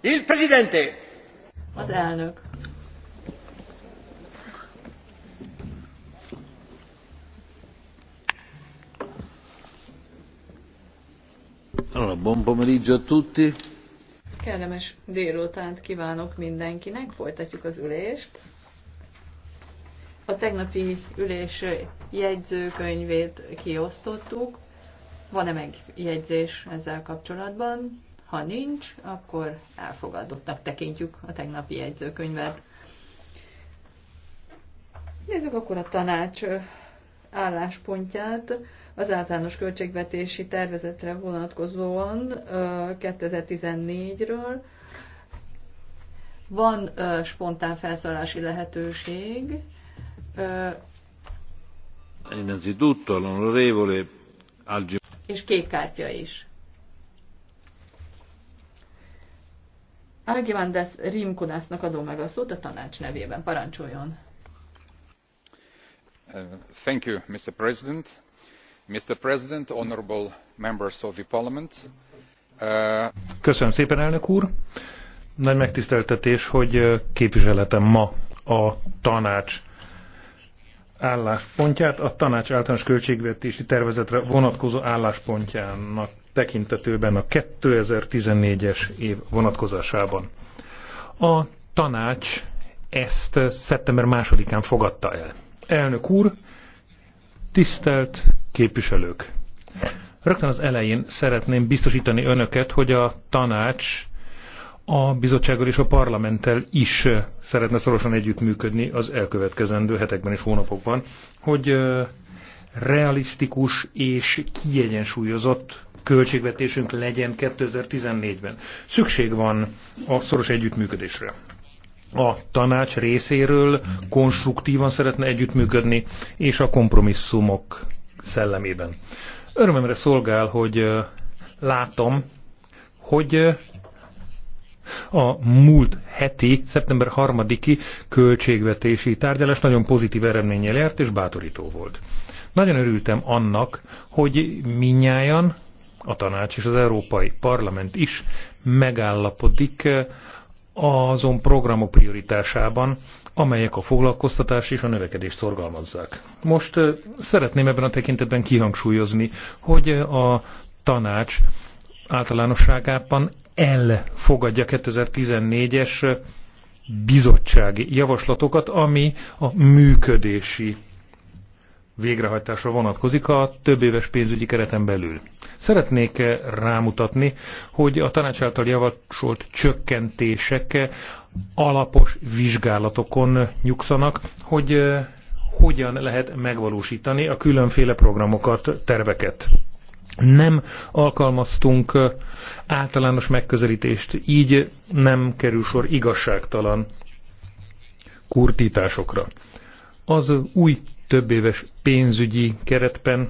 Il Presidente! Az elnök. Allora, buon pomeriggio a tutti. Kellemes délutánt kívánok mindenkinek, folytatjuk az ülést. A tegnapi ülés jegyzőkönyvét kiosztottuk. Van-e megjegyzés ezzel kapcsolatban? Ha nincs, akkor elfogadottnak tekintjük a tegnapi jegyzőkönyvet. Nézzük akkor a tanács álláspontját az általános költségvetési tervezetre vonatkozóan 2014-ről. Van spontán felszólási lehetőség. Innanzitutto l'onorevole És kék kártya is. Argivandes Rimkunásznak adom meg a szót a tanács nevében. Parancsoljon! Uh, thank you, Mr. President. Mr. President, honorable members of the parliament. Uh... Köszönöm szépen, elnök úr! Nagy megtiszteltetés, hogy uh, képviseletem ma a tanács álláspontját, a tanács általános költségvetési tervezetre vonatkozó álláspontjának tekintetőben a 2014-es év vonatkozásában. A tanács ezt szeptember másodikán fogadta el. Elnök úr, tisztelt képviselők! Rögtön az elején szeretném biztosítani önöket, hogy a tanács a bizottsággal és a parlamenttel is szeretne szorosan együttműködni az elkövetkezendő hetekben és hónapokban, hogy realisztikus és kiegyensúlyozott költségvetésünk legyen 2014-ben. Szükség van a szoros együttműködésre. A tanács részéről konstruktívan szeretne együttműködni, és a kompromisszumok szellemében. Örömemre szolgál, hogy látom, hogy a múlt heti, szeptember 3-i költségvetési tárgyalás nagyon pozitív eredménnyel járt és bátorító volt. Nagyon örültem annak, hogy minnyáján a tanács és az Európai Parlament is megállapodik eh, azon programok prioritásában, amelyek a foglalkoztatást és a növekedést szorgalmazzák. Most eh, szeretném ebben a tekintetben kihangsúlyozni, hogy eh, a tanács általánosságában elfogadja 2014-es bizottsági javaslatokat, ami a működési végrehajtásra vonatkozik a több éves pénzügyi kereten belül. Szeretnék eh, rámutatni, hogy a tanács által javasolt csökkentések eh, alapos vizsgálatokon nyugszanak, hogy eh, hogyan lehet megvalósítani a különféle programokat, terveket. Nem alkalmaztunk általános megközelítést, így nem kerül sor igazságtalan kurtításokra. Az új több éves pénzügyi keretben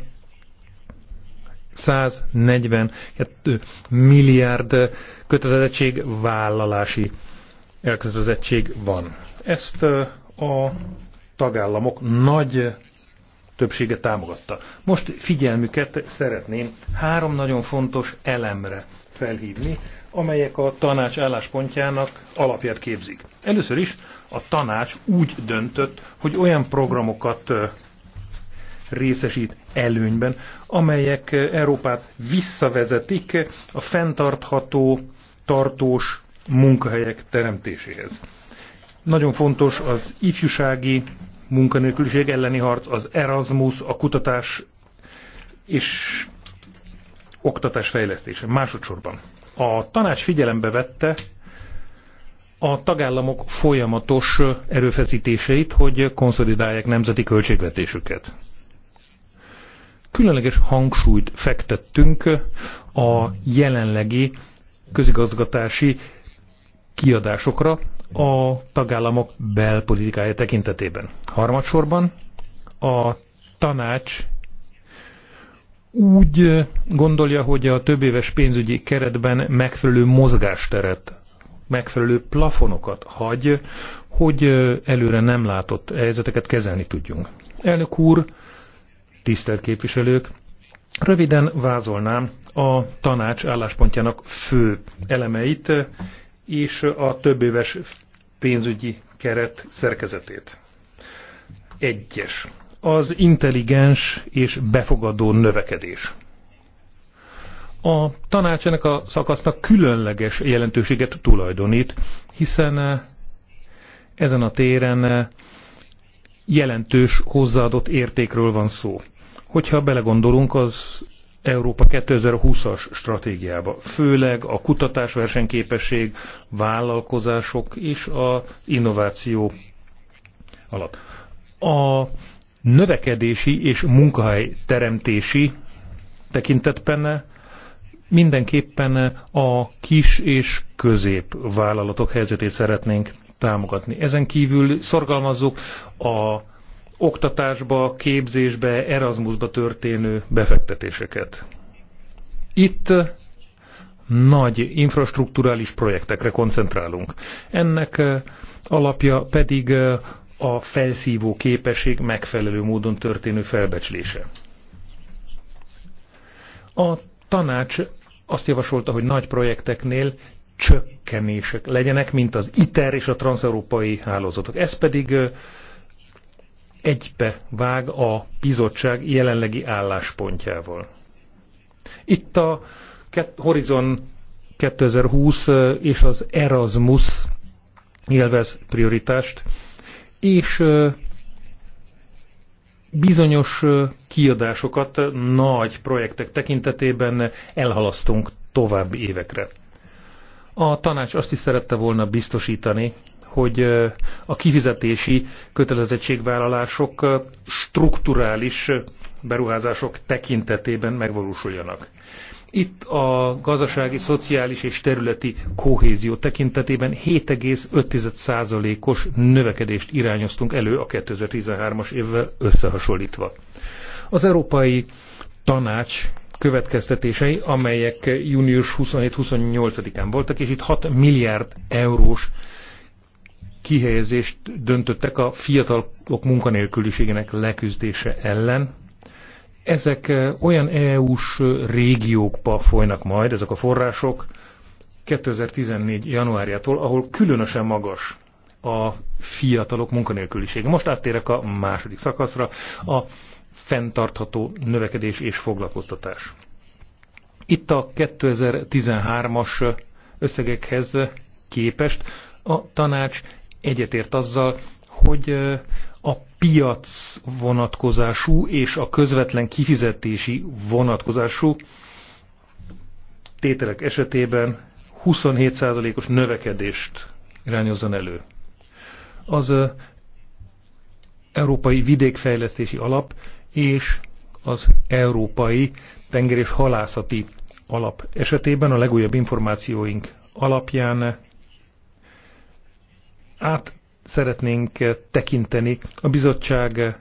142 milliárd kötelezettség vállalási elkötelezettség van. Ezt a tagállamok nagy többsége támogatta. Most figyelmüket szeretném három nagyon fontos elemre felhívni, amelyek a tanács álláspontjának alapját képzik. Először is a tanács úgy döntött, hogy olyan programokat részesít előnyben, amelyek Európát visszavezetik a fenntartható, tartós munkahelyek teremtéséhez. Nagyon fontos az ifjúsági munkanélküliség elleni harc, az Erasmus, a kutatás és oktatás fejlesztése. Másodszorban a tanács figyelembe vette a tagállamok folyamatos erőfeszítéseit, hogy konszolidálják nemzeti költségvetésüket. Különleges hangsúlyt fektettünk a jelenlegi közigazgatási kiadásokra a tagállamok belpolitikája tekintetében. Harmadsorban a tanács úgy gondolja, hogy a többéves pénzügyi keretben megfelelő mozgásteret megfelelő plafonokat hagy, hogy előre nem látott helyzeteket kezelni tudjunk. Elnök úr, tisztelt képviselők, röviden vázolnám a tanács álláspontjának fő elemeit és a éves pénzügyi keret szerkezetét. Egyes. Az intelligens és befogadó növekedés a tanács ennek a szakasznak különleges jelentőséget tulajdonít, hiszen eh, ezen a téren eh, jelentős hozzáadott értékről van szó. Hogyha belegondolunk az Európa 2020-as stratégiába, főleg a kutatás, versenyképesség, vállalkozások és a innováció alatt A növekedési és munkahely teremtési tekintetben eh, Mindenképpen a kis és közép vállalatok helyzetét szeretnénk támogatni. Ezen kívül szorgalmazzuk a oktatásba, képzésbe, Erasmusba történő befektetéseket. Itt nagy infrastruktúrális projektekre koncentrálunk. Ennek alapja pedig a felszívó képesség megfelelő módon történő felbecslése. A tanács azt javasolta, hogy nagy projekteknél csökkenések legyenek, mint az ITER és a transeurópai hálózatok. Ez pedig egybe vág a bizottság jelenlegi álláspontjával. Itt a Horizon 2020 és az Erasmus élvez prioritást, és bizonyos kiadásokat nagy projektek tekintetében elhalasztunk további évekre. A tanács azt is szerette volna biztosítani, hogy a kifizetési kötelezettségvállalások strukturális beruházások tekintetében megvalósuljanak. Itt a gazdasági, szociális és területi kohézió tekintetében 7,5%-os növekedést irányoztunk elő a 2013-as évvel összehasonlítva. Az Európai Tanács következtetései, amelyek június 27-28-án voltak, és itt 6 milliárd eurós kihelyezést döntöttek a fiatalok munkanélküliségének leküzdése ellen, ezek eh, olyan EU-s eh, régiókba folynak majd, ezek a források, 2014. januárjától, ahol különösen magas a fiatalok munkanélkülisége. Most áttérek a második szakaszra, a fenntartható növekedés és foglalkoztatás. Itt a 2013-as összegekhez képest a tanács egyetért azzal, hogy eh, a piac vonatkozású és a közvetlen kifizetési vonatkozású tételek esetében 27%-os növekedést irányozzon elő. Az Európai Vidékfejlesztési Alap és az Európai Tenger és Halászati Alap esetében a legújabb információink alapján át szeretnénk eh, tekinteni a bizottság eh,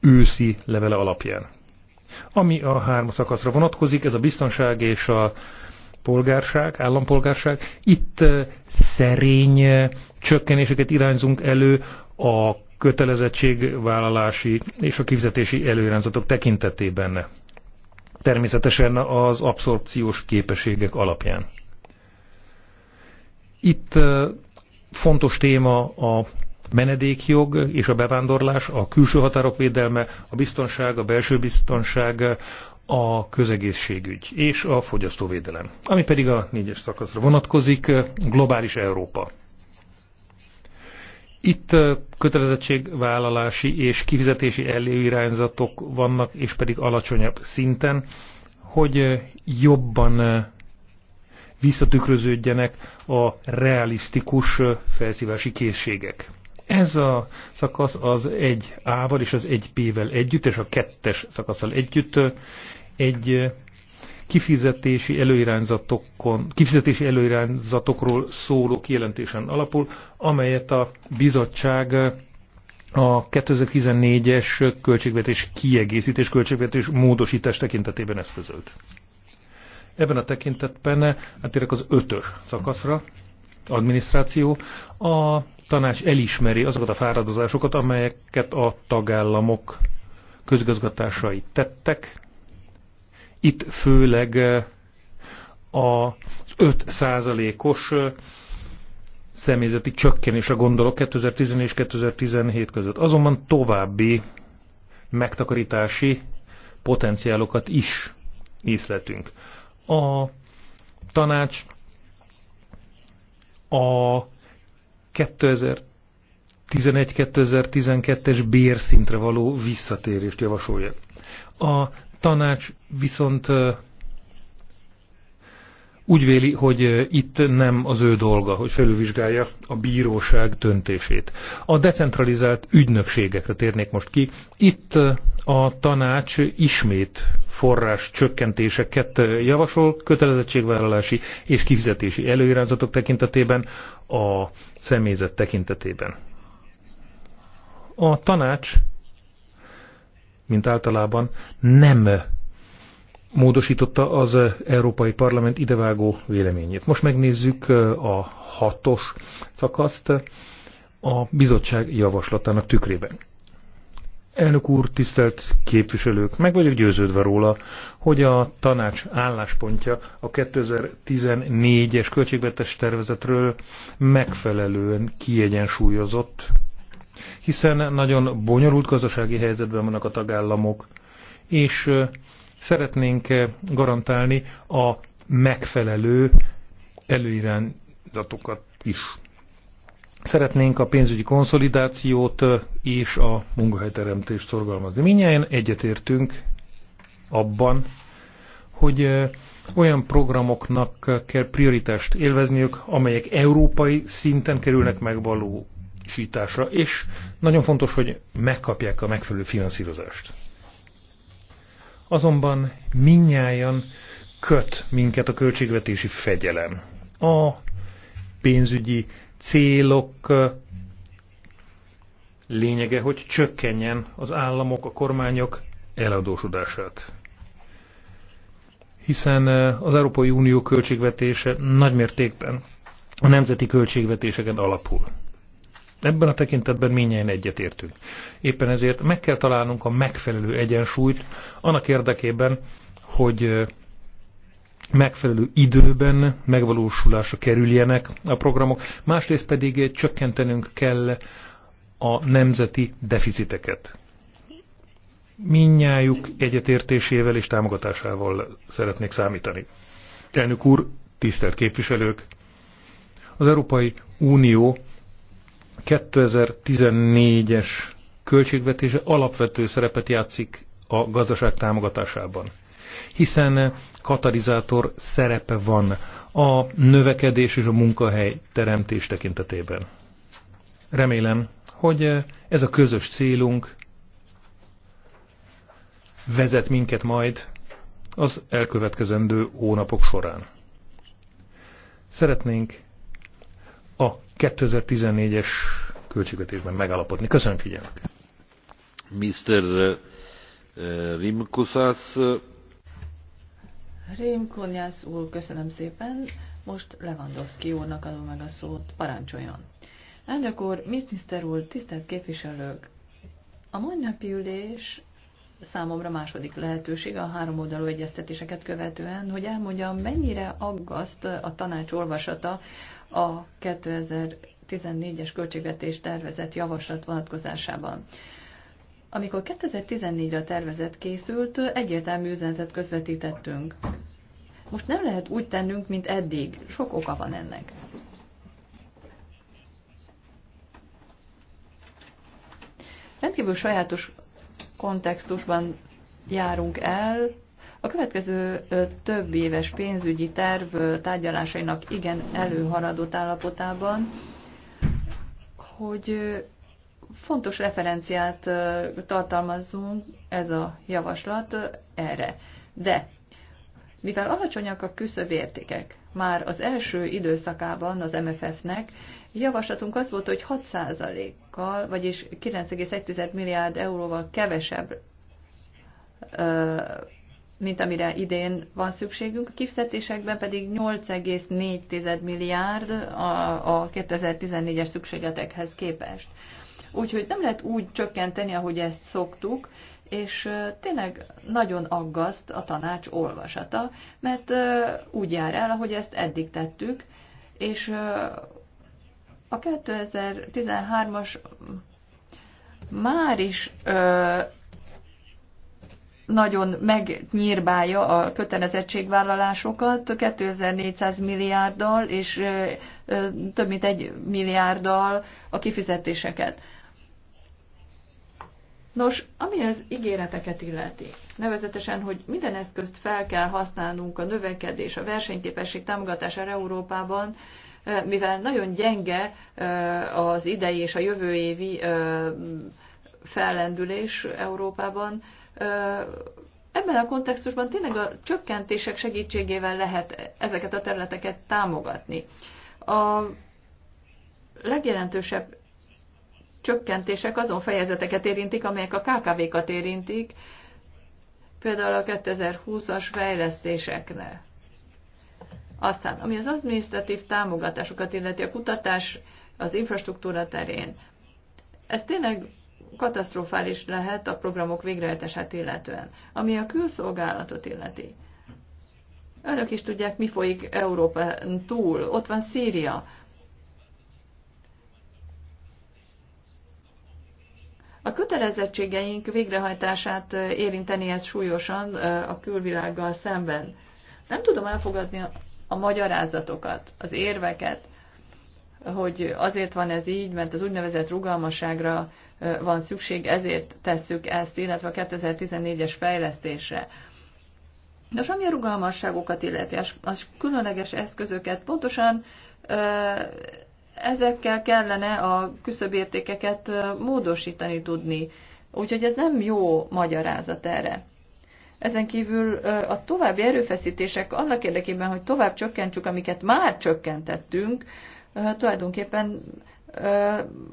őszi levele alapján. Ami a három szakaszra vonatkozik, ez a biztonság és a polgárság, állampolgárság. Itt eh, szerény csökkenéseket irányzunk elő a kötelezettségvállalási és a kifizetési előirányzatok tekintetében. Természetesen az abszorpciós képességek alapján. Itt Fontos téma a menedékjog és a bevándorlás, a külső határok védelme, a biztonság, a belső biztonság, a közegészségügy és a fogyasztóvédelem. Ami pedig a négyes szakaszra vonatkozik, globális Európa. Itt kötelezettségvállalási és kifizetési előirányzatok vannak, és pedig alacsonyabb szinten, hogy jobban visszatükröződjenek a realisztikus felszívási készségek. Ez a szakasz az 1A-val és az 1B-vel együtt, és a kettes szakaszsal együtt egy kifizetési előirányzatokon, kifizetési előirányzatokról szóló kijelentésen alapul, amelyet a bizottság a 2014-es költségvetés kiegészítés, költségvetés módosítás tekintetében eszközölt. Ebben a tekintetben áttérek az ötös szakaszra, adminisztráció. A tanács elismeri azokat a fáradozásokat, amelyeket a tagállamok közgazgatásai tettek. Itt főleg eh, a 5 százalékos eh, személyzeti csökkenésre gondolok 2010 és 2017 között. Azonban további megtakarítási potenciálokat is észletünk. A tanács a 2011-2012-es bérszintre való visszatérést javasolja. A tanács viszont úgy véli, hogy itt nem az ő dolga, hogy felülvizsgálja a bíróság döntését. A decentralizált ügynökségekre térnék most ki. Itt a tanács ismét forrás csökkentéseket javasol kötelezettségvállalási és kifizetési előirányzatok tekintetében, a személyzet tekintetében. A tanács, mint általában, nem módosította az Európai Parlament idevágó véleményét. Most megnézzük a hatos szakaszt a bizottság javaslatának tükrében. Elnök úr, tisztelt képviselők, meg vagyok győződve róla, hogy a tanács álláspontja a 2014-es költségvetés tervezetről megfelelően kiegyensúlyozott, hiszen nagyon bonyolult gazdasági helyzetben vannak a tagállamok, és Szeretnénk eh, garantálni a megfelelő előirányzatokat is. Szeretnénk a pénzügyi konszolidációt eh, és a munkahelyteremtést szorgalmazni. Minnyáján egyetértünk abban, hogy eh, olyan programoknak kell prioritást élvezniük, amelyek európai szinten kerülnek megvalósításra, és nagyon fontos, hogy megkapják a megfelelő finanszírozást. Azonban minnyáján köt minket a költségvetési fegyelem. A pénzügyi célok lényege, hogy csökkenjen az államok, a kormányok eladósodását. Hiszen az Európai Unió költségvetése nagymértékben a nemzeti költségvetéseken alapul. Ebben a tekintetben minnyáján egyetértünk. Éppen ezért meg kell találnunk a megfelelő egyensúlyt annak érdekében, hogy megfelelő időben megvalósulásra kerüljenek a programok, másrészt pedig csökkentenünk kell a nemzeti deficiteket. Minnyájuk egyetértésével és támogatásával szeretnék számítani. Elnök úr, tisztelt képviselők! Az Európai Unió 2014-es költségvetése alapvető szerepet játszik a gazdaság támogatásában, hiszen katalizátor szerepe van a növekedés és a munkahely teremtés tekintetében. Remélem, hogy ez a közös célunk vezet minket majd az elkövetkezendő hónapok során. Szeretnénk 2014-es költségvetésben megállapodni. Köszönöm figyelmet! Mr. Uh, uh, Rimkusas. Rimkunyász úr, köszönöm szépen. Most Lewandowski úrnak adom meg a szót, parancsoljon. Elnök úr, miniszter úr, tisztelt képviselők! A mai ülés számomra második lehetőség a három oldalú egyeztetéseket követően, hogy elmondjam, mennyire aggaszt a tanács olvasata a 2014-es költségvetés tervezett javaslat vonatkozásában. Amikor 2014-re a tervezet készült, egyértelmű üzenetet közvetítettünk. Most nem lehet úgy tennünk, mint eddig. Sok oka van ennek. Rendkívül sajátos kontextusban járunk el, a következő több éves pénzügyi terv tárgyalásainak igen előharadott állapotában, hogy fontos referenciát tartalmazzunk ez a javaslat erre. De mivel alacsonyak a küszöbértékek már az első időszakában az MFF-nek, javaslatunk az volt, hogy 6%-kal, vagyis 9,1 milliárd euróval kevesebb mint amire idén van szükségünk, a kifizetésekben pedig 8,4 milliárd a, a 2014-es szükségletekhez képest. Úgyhogy nem lehet úgy csökkenteni, ahogy ezt szoktuk, és tényleg nagyon aggaszt a tanács olvasata, mert úgy jár el, ahogy ezt eddig tettük, és a 2013-as már is nagyon megnyírbálja a kötelezettségvállalásokat 2400 milliárddal és több mint egy milliárddal a kifizetéseket. Nos, ami az ígéreteket illeti, nevezetesen, hogy minden eszközt fel kell használnunk a növekedés, a versenyképesség támogatására Európában, mivel nagyon gyenge az idei és a jövő évi fellendülés Európában, Ebben a kontextusban tényleg a csökkentések segítségével lehet ezeket a területeket támogatni. A legjelentősebb csökkentések azon fejezeteket érintik, amelyek a KKV-kat érintik, például a 2020-as fejlesztésekre. Aztán, ami az adminisztratív támogatásokat illeti a kutatás az infrastruktúra terén, ez tényleg katasztrofális lehet a programok végrehajtását illetően, ami a külszolgálatot illeti. Önök is tudják, mi folyik Európa túl. Ott van Szíria. A kötelezettségeink végrehajtását érinteni ez súlyosan a külvilággal szemben. Nem tudom elfogadni a magyarázatokat, az érveket, hogy azért van ez így, mert az úgynevezett rugalmasságra van szükség, ezért tesszük ezt, illetve a 2014-es fejlesztésre. Nos, ami a rugalmasságokat illeti, az különleges eszközöket, pontosan ezekkel kellene a küszöbértékeket módosítani tudni. Úgyhogy ez nem jó magyarázat erre. Ezen kívül a további erőfeszítések annak érdekében, hogy tovább csökkentsük, amiket már csökkentettünk, tulajdonképpen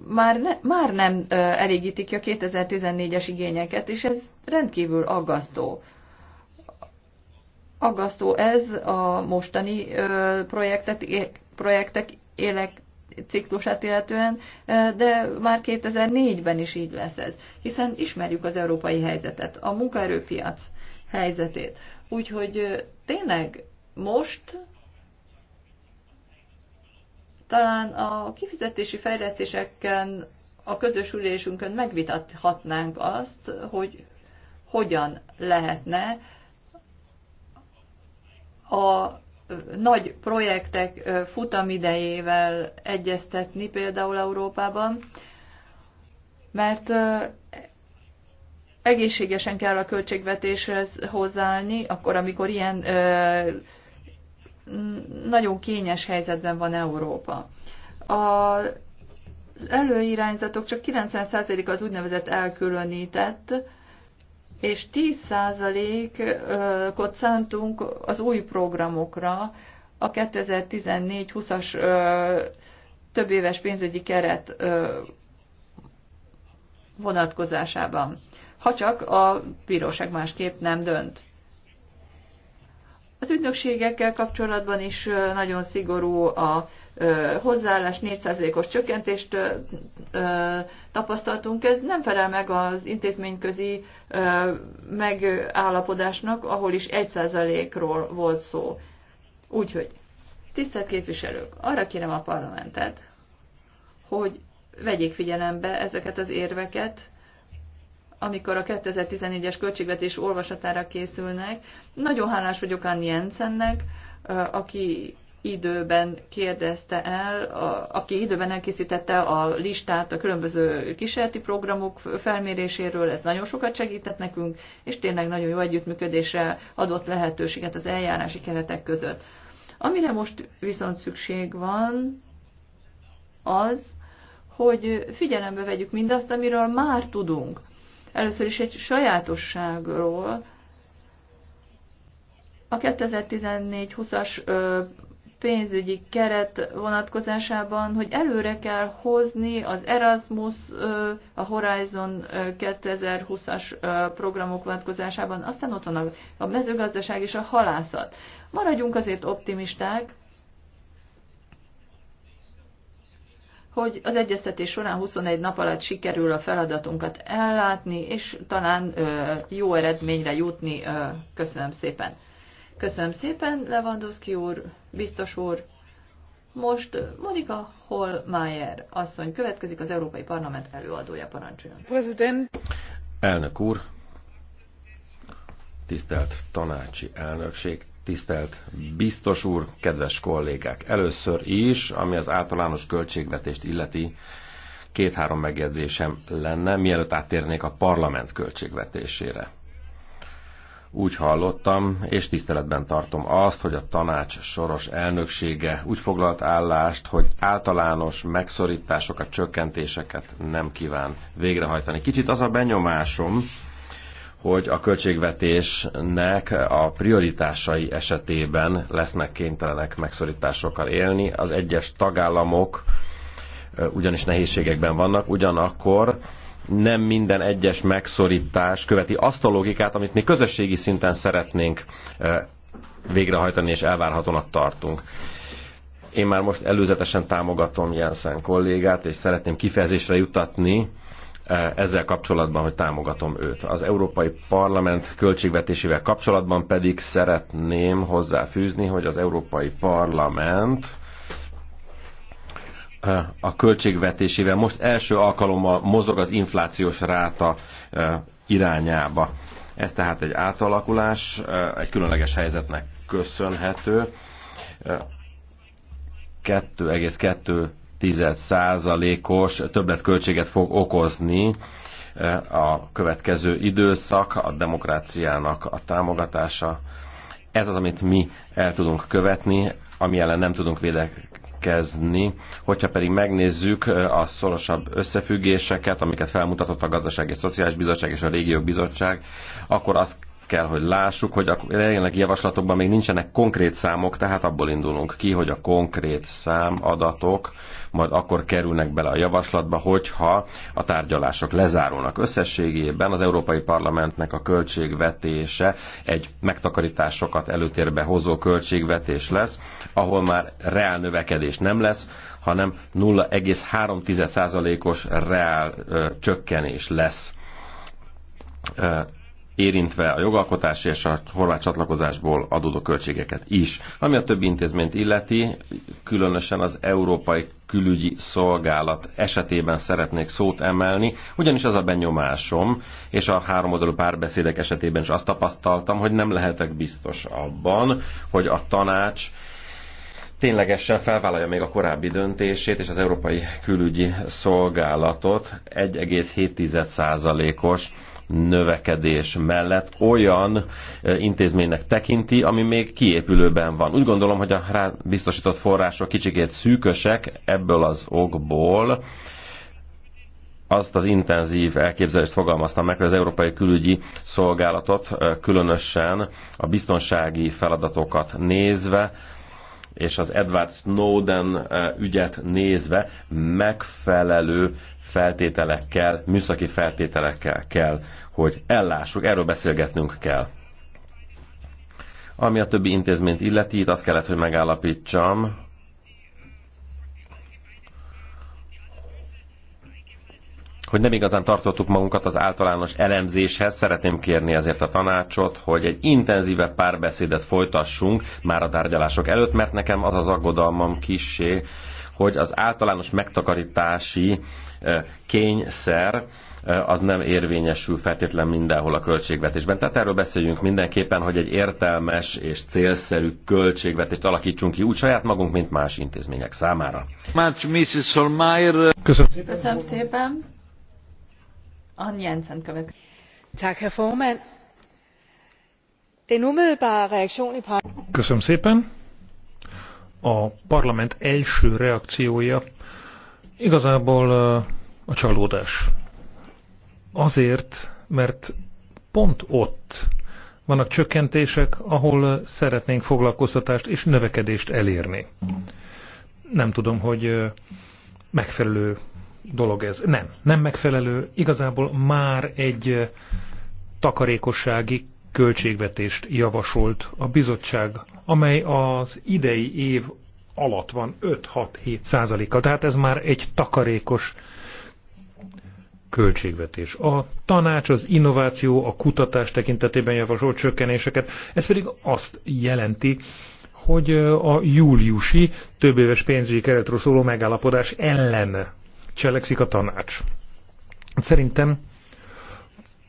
már, ne, már nem elégítik ki a 2014-es igényeket, és ez rendkívül aggasztó. Aggasztó ez a mostani projektet, projektek élek ciklusát illetően, de már 2004-ben is így lesz ez, hiszen ismerjük az európai helyzetet, a munkaerőpiac helyzetét. Úgyhogy tényleg most talán a kifizetési fejlesztéseken a közös ülésünkön megvitathatnánk azt, hogy hogyan lehetne a nagy projektek futamidejével egyeztetni például Európában, mert egészségesen kell a költségvetéshez hozzáállni, akkor, amikor ilyen nagyon kényes helyzetben van Európa. A az előirányzatok csak 90% az úgynevezett elkülönített, és 10%-ot szántunk az új programokra a 2014-20-as több éves pénzügyi keret vonatkozásában. Ha csak a bíróság másképp nem dönt. Az ügynökségekkel kapcsolatban is nagyon szigorú a hozzáállás 4%-os csökkentést tapasztaltunk. Ez nem felel meg az intézményközi megállapodásnak, ahol is 1%-ról volt szó. Úgyhogy, tisztelt képviselők, arra kérem a parlamentet, hogy vegyék figyelembe ezeket az érveket, amikor a 2014-es költségvetés olvasatára készülnek. Nagyon hálás vagyok Ann Jensennek, aki időben kérdezte el, a, aki időben elkészítette a listát a különböző kísérleti programok felméréséről, ez nagyon sokat segített nekünk, és tényleg nagyon jó együttműködésre adott lehetőséget az eljárási keretek között. Amire most viszont szükség van, az, hogy figyelembe vegyük mindazt, amiről már tudunk. Először is egy sajátosságról. A 2014-20-as pénzügyi keret vonatkozásában, hogy előre kell hozni az Erasmus, a Horizon 2020-as programok vonatkozásában, aztán ott van a mezőgazdaság és a halászat. Maradjunk azért optimisták, hogy az egyeztetés során 21 nap alatt sikerül a feladatunkat ellátni, és talán jó eredményre jutni. köszönöm szépen. Köszönöm szépen, Lewandowski úr, biztos úr. Most Monika Holmeier asszony következik az Európai Parlament előadója parancsoljon. President. Elnök úr, tisztelt tanácsi elnökség, Tisztelt biztos úr, kedves kollégák! Először is, ami az általános költségvetést illeti, két-három megjegyzésem lenne, mielőtt áttérnék a parlament költségvetésére. Úgy hallottam, és tiszteletben tartom azt, hogy a tanács soros elnöksége úgy foglalt állást, hogy általános megszorításokat, csökkentéseket nem kíván végrehajtani. Kicsit az a benyomásom, hogy a költségvetésnek a prioritásai esetében lesznek kénytelenek megszorításokkal élni. Az egyes tagállamok ugyanis nehézségekben vannak, ugyanakkor nem minden egyes megszorítás követi azt a logikát, amit mi közösségi szinten szeretnénk végrehajtani és elvárhatónak tartunk. Én már most előzetesen támogatom Jensen kollégát, és szeretném kifejezésre jutatni, E, ezzel kapcsolatban, hogy támogatom őt. Az Európai Parlament költségvetésével kapcsolatban pedig szeretném hozzáfűzni, hogy az Európai Parlament e, a költségvetésével most első alkalommal mozog az inflációs ráta e, irányába. Ez tehát egy átalakulás, egy különleges helyzetnek köszönhető százalékos többletköltséget fog okozni e, a következő időszak, a demokráciának a támogatása. Ez az, amit mi el tudunk követni, ami ellen nem tudunk védekezni. Hogyha pedig megnézzük e, a szorosabb összefüggéseket, amiket felmutatott a Gazdasági Szociális Bizottság és a Régiók Bizottság, akkor azt kell, hogy lássuk, hogy a jelenlegi javaslatokban még nincsenek konkrét számok, tehát abból indulunk ki, hogy a konkrét szám, adatok majd akkor kerülnek bele a javaslatba, hogyha a tárgyalások lezárulnak. Összességében az Európai Parlamentnek a költségvetése egy megtakarításokat előtérbe hozó költségvetés lesz, ahol már reál növekedés nem lesz, hanem 0,3%-os reál ö, csökkenés lesz érintve a jogalkotási és a horvát csatlakozásból adódó költségeket is. Ami a többi intézményt illeti, különösen az Európai Külügyi Szolgálat esetében szeretnék szót emelni, ugyanis az a benyomásom, és a három oldalú párbeszédek esetében is azt tapasztaltam, hogy nem lehetek biztos abban, hogy a tanács ténylegesen felvállalja még a korábbi döntését és az Európai Külügyi Szolgálatot 1,7%-os növekedés mellett olyan e, intézménynek tekinti, ami még kiépülőben van. Úgy gondolom, hogy a rá biztosított források kicsikét szűkösek ebből az okból, azt az intenzív elképzelést fogalmaztam meg, hogy az Európai Külügyi Szolgálatot e, különösen a biztonsági feladatokat nézve és az Edward Snowden ügyet nézve megfelelő feltételekkel, műszaki feltételekkel kell, hogy ellássuk, erről beszélgetnünk kell. Ami a többi intézményt illeti, itt azt kellett, hogy megállapítsam, hogy nem igazán tartottuk magunkat az általános elemzéshez. Szeretném kérni ezért a tanácsot, hogy egy intenzívebb párbeszédet folytassunk már a tárgyalások előtt, mert nekem az az aggodalmam kissé, hogy az általános megtakarítási eh, kényszer eh, az nem érvényesül feltétlen mindenhol a költségvetésben. Tehát erről beszéljünk mindenképpen, hogy egy értelmes és célszerű költségvetést alakítsunk ki úgy saját magunk, mint más intézmények számára. Köszönöm szépen. Köszönöm szépen. Jensen következik. Tak, herr formand. Den umiddelbare reaktion i Köszönöm szépen. A parlament első reakciója igazából a csalódás. Azért, mert pont ott vannak csökkentések, ahol szeretnénk foglalkoztatást és növekedést elérni. Nem tudom, hogy megfelelő dolog ez. Nem, nem megfelelő. Igazából már egy eh, takarékossági költségvetést javasolt a bizottság, amely az idei év alatt van 5-6-7 százaléka. Tehát ez már egy takarékos költségvetés. A tanács, az innováció, a kutatás tekintetében javasolt csökkenéseket, ez pedig azt jelenti, hogy eh, a júliusi többéves pénzügyi keretről szóló megállapodás ellen cselekszik a tanács. Szerintem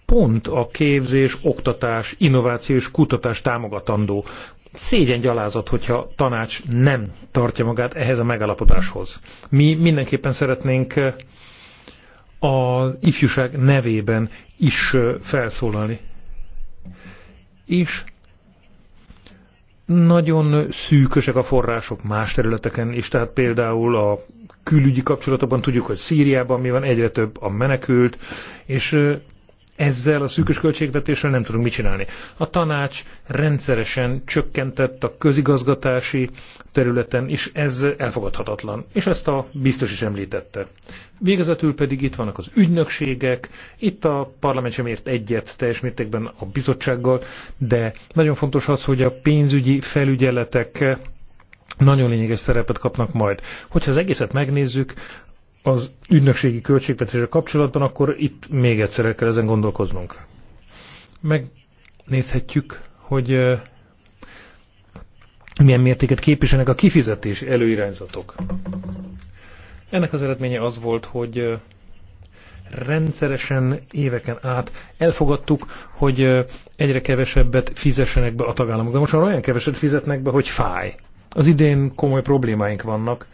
pont a képzés, oktatás, innováció és kutatás támogatandó. Szégyen gyalázat, hogyha tanács nem tartja magát ehhez a megalapodáshoz. Mi mindenképpen szeretnénk eh, az ifjúság nevében is eh, felszólalni. És nagyon szűkösek a források más területeken is, tehát például a külügyi kapcsolatokban, tudjuk, hogy Szíriában mi van, egyre több a menekült, és ezzel a szűkös költségvetéssel nem tudunk mit csinálni. A tanács rendszeresen csökkentett a közigazgatási területen, és ez elfogadhatatlan. És ezt a biztos is említette. Végezetül pedig itt vannak az ügynökségek, itt a parlament sem ért egyet teljes mértékben a bizottsággal, de nagyon fontos az, hogy a pénzügyi felügyeletek nagyon lényeges szerepet kapnak majd. Hogyha az egészet megnézzük, az ügynökségi költségvetésre kapcsolatban, akkor itt még egyszer kell ezen gondolkoznunk. Megnézhetjük, hogy milyen mértéket képviselnek a kifizetés előirányzatok. Ennek az eredménye az volt, hogy rendszeresen éveken át elfogadtuk, hogy egyre kevesebbet fizessenek be a tagállamok. De most már olyan keveset fizetnek be, hogy fáj. Az idén komoly problémáink vannak,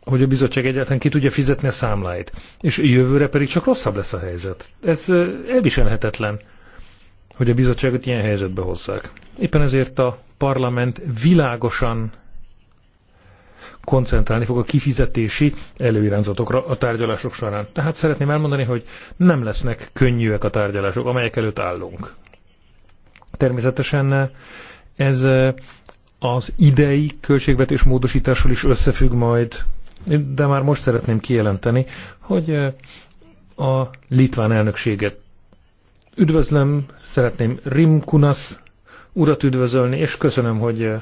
hogy a bizottság egyáltalán ki tudja fizetni a számláit. És jövőre pedig csak rosszabb lesz a helyzet. Ez elviselhetetlen, hogy a bizottságot ilyen helyzetbe hozzák. Éppen ezért a parlament világosan koncentrálni fog a kifizetési előirányzatokra a tárgyalások során. Tehát szeretném elmondani, hogy nem lesznek könnyűek a tárgyalások, amelyek előtt állunk. Természetesen ez az idei költségvetés módosítással is összefügg majd, de már most szeretném kijelenteni, hogy eh, a litván elnökséget üdvözlöm, szeretném Rimkunas urat üdvözölni, és köszönöm, hogy eh,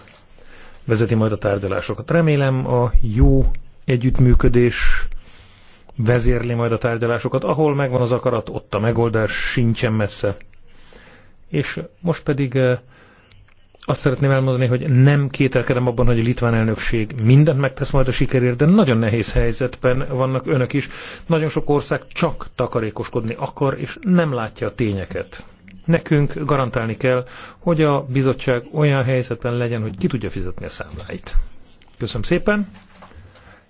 vezeti majd a tárgyalásokat. Remélem a jó együttműködés vezérli majd a tárgyalásokat. Ahol megvan az akarat, ott a megoldás sincsen messze. És most pedig eh, azt szeretném elmondani, hogy nem kételkedem abban, hogy a litván elnökség mindent megtesz majd a sikerért, de nagyon nehéz helyzetben vannak önök is. Nagyon sok ország csak takarékoskodni akar, és nem látja a tényeket. Nekünk garantálni kell, hogy a bizottság olyan helyzetben legyen, hogy ki tudja fizetni a számláit. Köszönöm szépen.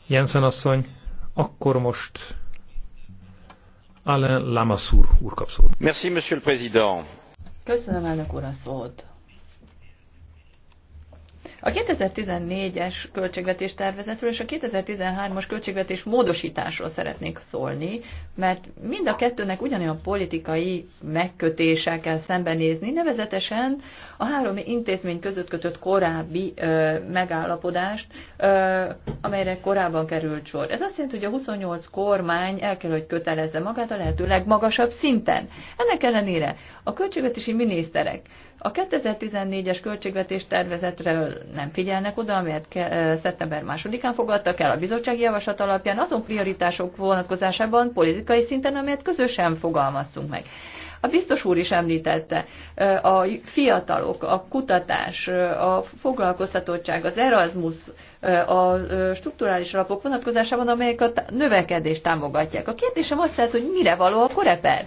Jensen asszony, akkor most Alain Lamassur úr kap szót. Merci, monsieur le président. Köszönöm, elnök úr, a szót. A 2014-es költségvetés tervezetről és a 2013-as költségvetés módosításról szeretnék szólni, mert mind a kettőnek ugyanolyan politikai megkötéssel kell szembenézni, nevezetesen a három intézmény között kötött korábbi ö, megállapodást, ö, amelyre korábban került sor. Ez azt jelenti, hogy a 28 kormány el kell, hogy kötelezze magát a lehető legmagasabb szinten. Ennek ellenére a költségvetési miniszterek a 2014-es költségvetés tervezetről nem figyelnek oda, amelyet ke- szeptember másodikán fogadtak el a bizottsági javaslat alapján, azon prioritások vonatkozásában politikai szinten, amelyet közösen fogalmaztunk meg. A biztos úr is említette, a fiatalok, a kutatás, a foglalkoztatottság, az Erasmus, a strukturális alapok vonatkozásában, amelyek a növekedést támogatják. A kérdésem azt lehet, hogy mire való a koreper?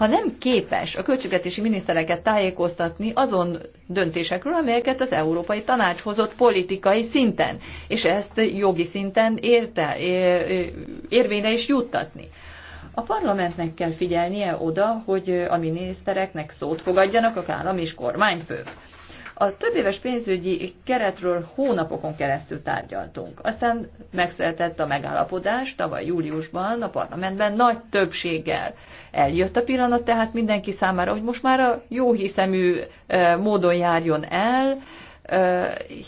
ha nem képes a költségvetési minisztereket tájékoztatni azon döntésekről, amelyeket az Európai Tanács hozott politikai szinten, és ezt jogi szinten érte, érvényre is juttatni. A parlamentnek kell figyelnie oda, hogy a minisztereknek szót fogadjanak a állam és kormányfők. A több éves pénzügyi keretről hónapokon keresztül tárgyaltunk. Aztán megszületett a megállapodás tavaly júliusban a parlamentben nagy többséggel. Eljött a pillanat tehát mindenki számára, hogy most már a jó hiszemű módon járjon el,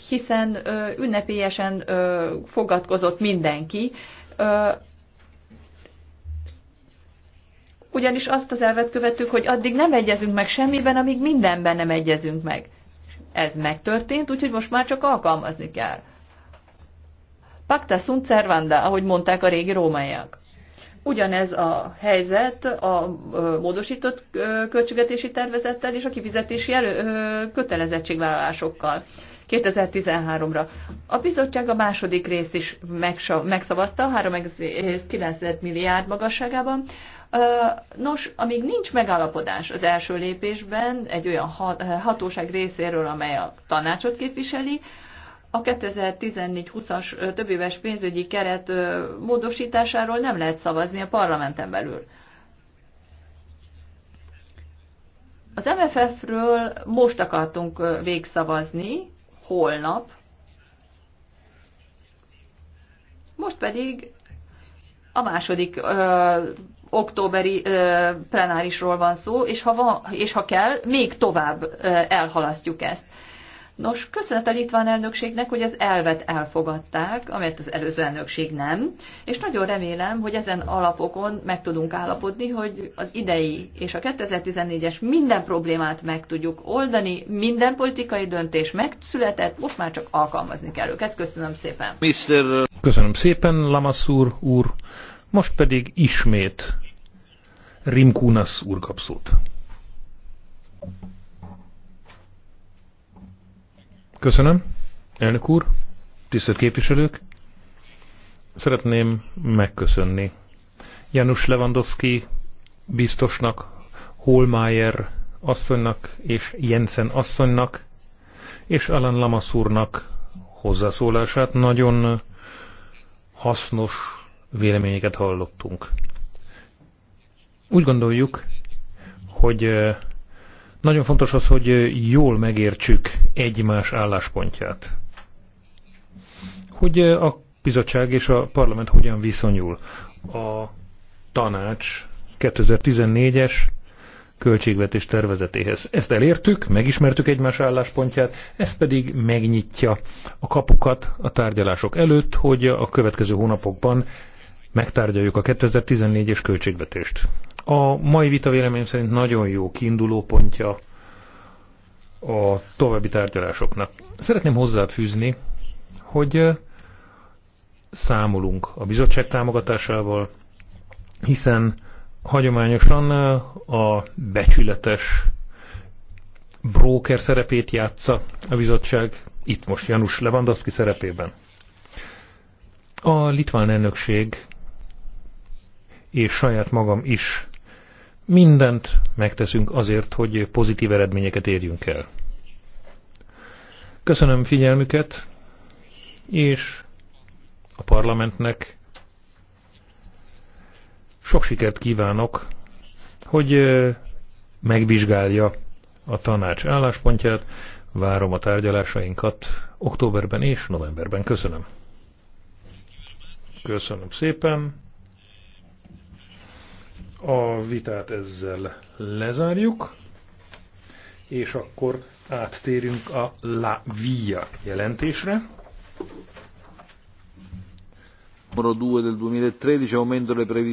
hiszen ünnepélyesen fogadkozott mindenki, ugyanis azt az elvet követtük, hogy addig nem egyezünk meg semmiben, amíg mindenben nem egyezünk meg. Ez megtörtént, úgyhogy most már csak alkalmazni kell. Pacta sunt servanda, ahogy mondták a régi rómaiak. Ugyanez a helyzet a módosított költségvetési tervezettel és a kifizetési elő, kötelezettségvállalásokkal 2013-ra. A bizottság a második részt is megszavazta, 3,9 milliárd magasságában, Nos, amíg nincs megállapodás az első lépésben egy olyan hatóság részéről, amely a tanácsot képviseli, a 2014-20-as többéves pénzügyi keret módosításáról nem lehet szavazni a parlamenten belül. Az MFF-ről most akartunk végszavazni, holnap, most pedig a második októberi plenárisról van szó, és ha, van, és ha kell, még tovább elhalasztjuk ezt. Nos, köszönet a litván elnökségnek, hogy az elvet elfogadták, amelyet az előző elnökség nem, és nagyon remélem, hogy ezen alapokon meg tudunk állapodni, hogy az idei és a 2014-es minden problémát meg tudjuk oldani, minden politikai döntés megszületett, most már csak alkalmazni kell őket. Köszönöm szépen. Mr. Köszönöm szépen, Lamassur úr. Most pedig ismét Rimkunas úr Köszönöm, elnök úr, tisztelt képviselők. Szeretném megköszönni Janusz Lewandowski biztosnak, Holmeyer asszonynak és Jensen asszonynak, és Alan úrnak hozzászólását. Nagyon hasznos véleményeket hallottunk. Úgy gondoljuk, hogy nagyon fontos az, hogy jól megértsük egymás álláspontját. Hogy a bizottság és a parlament hogyan viszonyul. A tanács 2014-es költségvetés tervezetéhez. Ezt elértük, megismertük egymás álláspontját, ez pedig megnyitja a kapukat a tárgyalások előtt, hogy a következő hónapokban megtárgyaljuk a 2014-es költségvetést. A mai vita véleményem szerint nagyon jó kiinduló pontja a további tárgyalásoknak. Szeretném hozzáfűzni, hogy számolunk a bizottság támogatásával, hiszen hagyományosan a becsületes bróker szerepét játsza a bizottság, itt most Janusz Lewandowski szerepében. A litván elnökség és saját magam is mindent megteszünk azért, hogy pozitív eredményeket érjünk el. Köszönöm figyelmüket, és a parlamentnek sok sikert kívánok, hogy megvizsgálja a tanács álláspontját, várom a tárgyalásainkat októberben és novemberben. Köszönöm. Köszönöm szépen. A vitát ezzel lezárjuk, és akkor áttérünk a La Via jelentésre. Numero 2 del 2013 aumento le previsioni